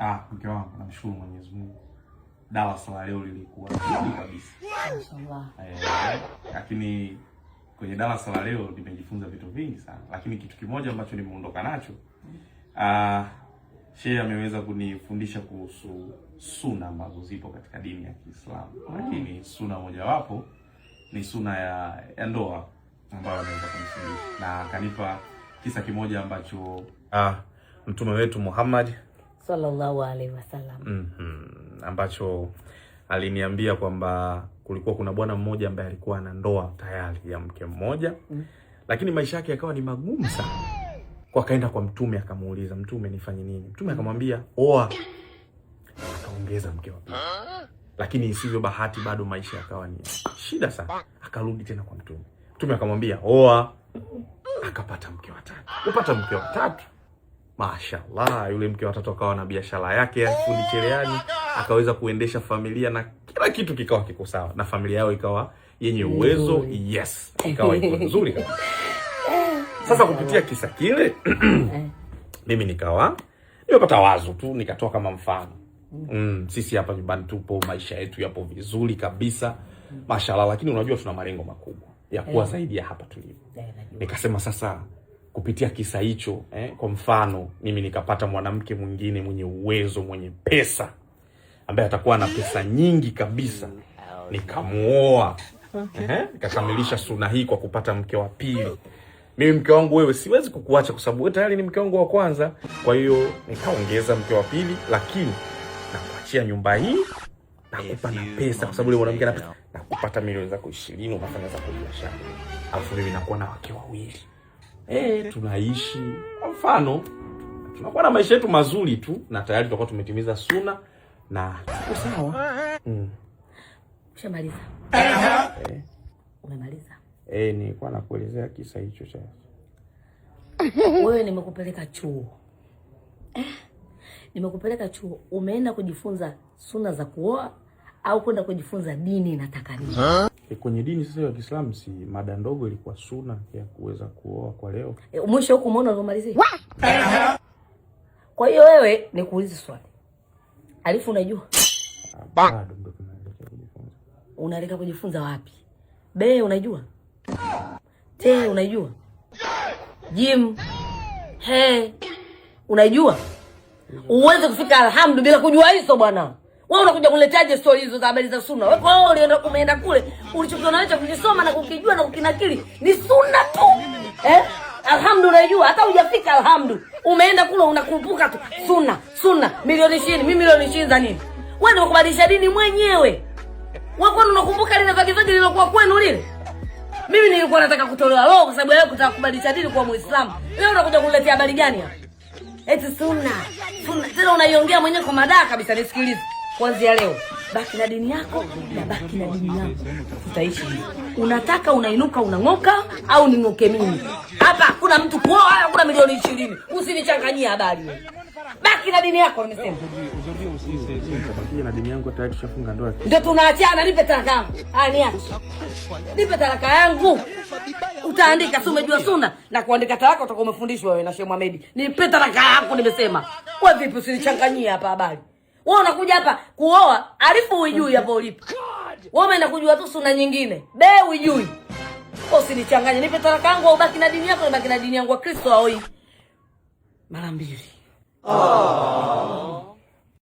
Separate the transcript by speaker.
Speaker 1: Ah, mke wangu namshukuru Mwenyezi Mungu. Darasa la leo lilikuwa nzuri kabisa. Eh, lakini kwenye darasa la leo nimejifunza vitu vingi sana, lakini kitu kimoja ambacho nimeondoka nacho ah, shehe ameweza kunifundisha kuhusu suna ambazo zipo katika dini ya Kiislamu. Lakini suna mojawapo ni suna ya, ya ndoa ambayo ameweza kunifundisha na akanipa kisa kimoja ambacho ah, mtume wetu Muhammad
Speaker 2: sallallahu alaihi wasallam
Speaker 1: mm -hmm. ambacho aliniambia kwamba kulikuwa kuna bwana mmoja ambaye alikuwa ana ndoa tayari ya mke mmoja mm. lakini maisha yake yakawa ni magumu sana, kwa akaenda kwa mtume akamuuliza, mtume nifanye nini? Mtume akamwambia oa, akaongeza mke wa pili, lakini isivyo bahati bado maisha yakawa ni shida sana. Akarudi tena kwa mtume, mtume akamwambia oa, akapata mke wa tatu, kupata mke wa tatu Mashallah, yule mke wa tatu akawa na biashara yake ya fundi oh cherehani, akaweza kuendesha familia na kila kitu kikawa kiko sawa, na familia yao ikawa yenye uwezo mm. Yes, ikawa iko nzuri kabisa. Sasa kupitia kisa kile eh. mimi nikawa nimepata wazo tu nikatoa kama mfano mm. mm, sisi hapa nyumbani tupo, maisha yetu yapo vizuri kabisa mm. mashallah, lakini unajua tuna malengo makubwa ya kuwa eh. zaidi ya hapa tulipo. Eh, Nikasema sasa kupitia kisa hicho eh, kwa mfano mimi nikapata mwanamke mwingine mwenye uwezo mwenye pesa ambaye atakuwa na pesa nyingi kabisa, nikamuoa nikakamilisha okay. suna hii kwa kupata mke wa pili. Mimi mke wangu wewe, siwezi kukuacha kwa sababu tayari ni mke wangu wa kwanza. Kwa hiyo nikaongeza mke wa pili, lakini nakuachia nyumba hii, nakupa na pesa, kwa sababu yule mwanamke na pesa, nakupata milioni zako ishirini, unafanya zako biashara, alafu mimi nakuwa na wake wawili e, tunaishi kwa mfano, tunakuwa na maisha yetu mazuri tu na tayari tutakuwa tumetimiza suna na
Speaker 2: tuko sawa. Mm. Ushamaliza? Eh. Umemaliza?
Speaker 1: Eh, nilikuwa nakuelezea kisa hicho cha
Speaker 2: wewe. Nimekupeleka chuo eh, nimekupeleka chuo, umeenda kujifunza suna za kuoa au kwenda kujifunza dini nataka nini?
Speaker 1: E, kwenye dini sasa ya Kiislamu si mada ndogo ilikuwa suna ya kuweza kuoa kwa leo.
Speaker 2: E, mwisho huko umeona ulivyomalizia. Kwa hiyo wewe nikuulize swali, alifu unajua bado unaelekea kujifunza wapi? Be unajua te unajua jim he unajua uweze kufika alhamdu bila kujua hizo bwana wewe unakuja kuletaje stori hizo za habari za suna? Wewe ulienda umeenda kule, ulichokiona nacho kujisoma na kukijua na kukinakili ni suna tu eh? Alhamdu unaijua hata hujafika alhamdu, umeenda kule unakumbuka tu suna, suna milioni 20, mimi milioni 20 za nini? Wewe ndio kubadilisha dini mwenyewe. Wewe kwani unakumbuka lile vagivaji lilokuwa kwenu lile? Mimi nilikuwa nataka kutolewa roho kwa sababu wewe kutaka kubadilisha dini kwa Muislamu. Leo unakuja kuniletea habari gani hapa? Eti suna. Suna. tena unaiongea mwenyewe kwa madaka kabisa, nisikilize. Kuanzia leo baki na dini yako na baki na dini yako, tutaishi. Unataka unainuka unang'oka, au ning'oke mimi hapa? Kuna mtu kuoa, kuna milioni ishirini. Usinichanganyie habari, baki na dini yako. Nimesema
Speaker 1: na dini yangu, tayari tushafunga ndoa,
Speaker 2: ndio tunaachana. Nipe talaka yangu, niache, nipe talaka yangu. Utaandika, si umejua suna na kuandika talaka, utakuwa umefundishwa wewe na Sheikh Mohamed. Nipe talaka yako, nimesema. Kwa vipi? Usinichanganyie hapa habari. Wewe unakuja hapa kuoa, alifu hujui hapo ulipo. Wewe umeenda kujua tu suna nyingine. Be Wewe Usinichanganye, nipe talaka yangu au baki na dini yako, baki na dini yangu. wa Kristo aoi. Mara mbili. Oh.